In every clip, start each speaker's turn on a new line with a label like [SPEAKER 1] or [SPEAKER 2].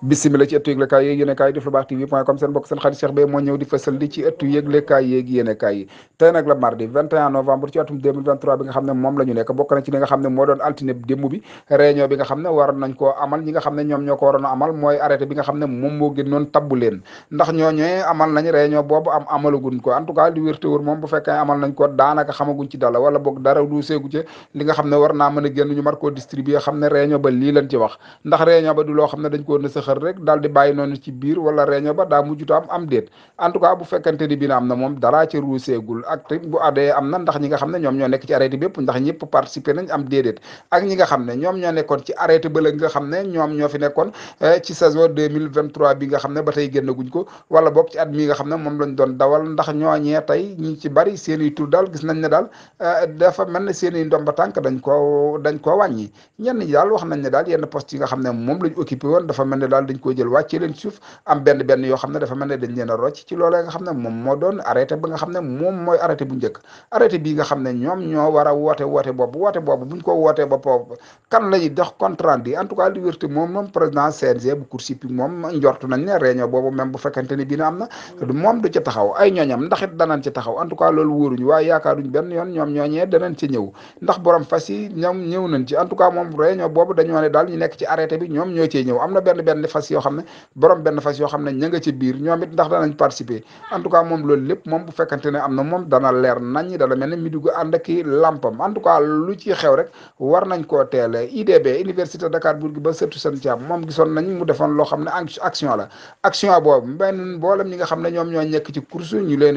[SPEAKER 1] bisimila ci ëttu yëglekaay yene kay di lu bax tv.com sen bok sen khadi Cheikh be mo ñew di fësal di ci yi tey nak la mardi 21 novembre ci atum 2023 bi nga xamne mom lañu nek bok na ci li nga xamne mo doon altine démb bi réunion bi nga xamne war nañ ko amal ñi nga xamne ñom ñoko amal moy arrêté bi nga xamne mom mo gën non tabu len ndax ñoy amal nañ réunion bobu am amalaguñ ko en tout cas di wërté wër mom bu fekkay amal nañ ko daanaka xamaguñ ci dal wala bok dara du seegu ci li nga xamne war na mëna gën ñu mar ko distribuer xamne réunion ba li lañ ci wax ndax réunion ba du lo xamne dañ ko xër rek daal di bàyyi ci biir wala réunion ba daa mujjuta am am déet en tout cas bu fekkante ni am na moom daraa ci ruuseegul ak bu am na ndax ñi nga xam ne ñoom ñoo nekk ci arrêté bépp xam ne ñoom ñoo ne ñoom ñoo fi nekkoon eh, ci saison 2023 bi xam ne ba tey génn guñ ko wala boog ci at xam ne moom lañ doon i eh, i ndomba tànk dañ koo dañ koo wàññi ñenn ñi daal wax nañ ne daal yenn woon dafa mel ne daal Fall dañ ko jël wàcce leen suuf am benn benn yoo xam ne dafa mel ne dañ leen a rocc ci loolee nga xam ne moom moo doon arrêté ba nga xam ne moom mooy arrêté bu njëkk arrêté bii nga xam ne ñoom ñoo war a woote woote boobu woote boobu buñ ko wootee ba poob kan la ñuy dox compte rendu en tout cas li wérte moom moom président CNG bu Cour suprême moom njortu nañ ne réunion boobu même bu fekkente ni bii na am na mm. moom du ca taxaw ay ñooñam ndax it danañ ci taxaw en tout cas loolu wóoruñu waaye yaakaaruñ benn yoon ñoom ñooñee danañ ci ñëw ndax borom fas yi ñoom ñëw nañ ci en tout cas moom réunion boobu dañoo ne daal ñu nekk ci arrêté bi ñoom ñoo cee ñëw am benn benn fas yo xamne borom benn fas yo xamne ñinga ci biir ñoom it ndax nañ participer en tout cas mom lool lepp mom bu fekkante ne am mom dana leer nañ dana mel ne mi dugg and ak lampam en tout cas lu ci xew rek war nañ ko télé IDB université Dakar Bourguiba ba surtout seen caab mom gisoon nañ mu defon lo xamne action la action bobu benn bolam ñi nga ñoom ñoo ñek ci course ñu leen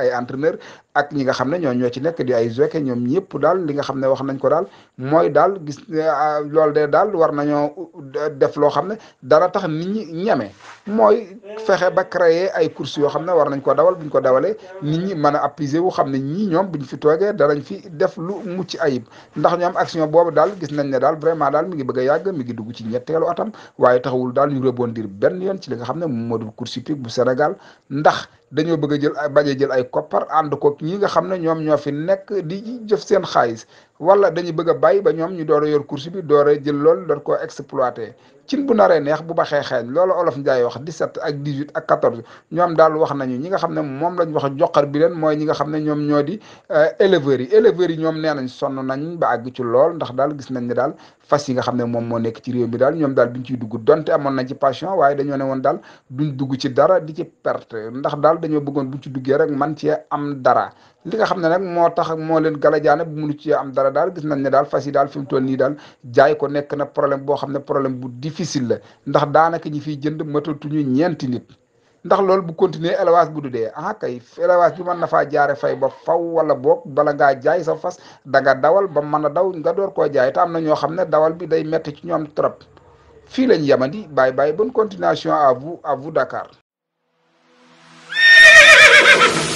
[SPEAKER 1] ay entraîneur ak ñi nga xam ñoo ñoo ci nek di ay ke ñoom ñepp dal, li nga xamne wax nañ ko dal mooy dal gis euh, lool de dal war nañu euh, def lo xamne dara tax nit ñi ñeme mooy fexe ba créer ay courses yoo xam ne war nañ ko dawal buñ ko dawalee nit ñi mën a appuiser wu xam ne ñii ñoom buñ fi toogee danañ fi def lu mucc ayib ndax ñoom action boobu daal gis nañ ne daal vraiment daal mi ngi bëgg a yàgg mi ngi dugg ci ñetteelu atam waaye taxawul daal ñu rebondir benn yoon ci li nga xam ne moo dul course hippique bu Sénégal ndax dañoo bëgg a jël ay bañ a jël ay koppar ànd ko ñi nga xam ne ñoom ñoo fi nekk di jëf seen xaalis wala dañu bëgg a ba ñoom ñu door a yor course bi door a jël lool door koo exploité cin bu naree neex bu baxee xeeñ loolu olof Njaay wax 17 ak 18 ak 14 ñoom daal wax nañu ñi nga xam ne moom lañ wax joxar bi leen mooy ñi nga xam ne ñoom ñoo di eh, éleveurs yi éleveurs yi nee nañ sonn nañ ba àgg ci lool ndax daal gis nañ ne daal fas yi nga xam ne moom moo nekk ci réew mi daal ñoom daal duñ ciy dugg donte amoon nañ ci passion waaye dañoo ne woon daal duñ dugg ci dara di ci perte ndax daal dañoo bëggoon bu ci duggee rek man cee am dara li nga xam ne nag moo tax moo leen galajaane bu mënu cee am dara daal gis nañ ne daal fas yi daal fi mu toll nii daal jaay ko nekk na problème boo xam problème bu difficile la ndax daanaka ñi fiy jënd matatuñu ñeenti nit ndax loolu bu continuer élevage bu dudee ah kay élevage bi mën na faa jaare fay ba faw wala boog bala ngaa jaay sa fas da nga dawal ba mën a daw nga door koo jaay te am na ñoo dawal bi day metti ci ñoom trop fii lañ yamandi bye bye bonne continuation à vous à vous Dakar Ha ha ha!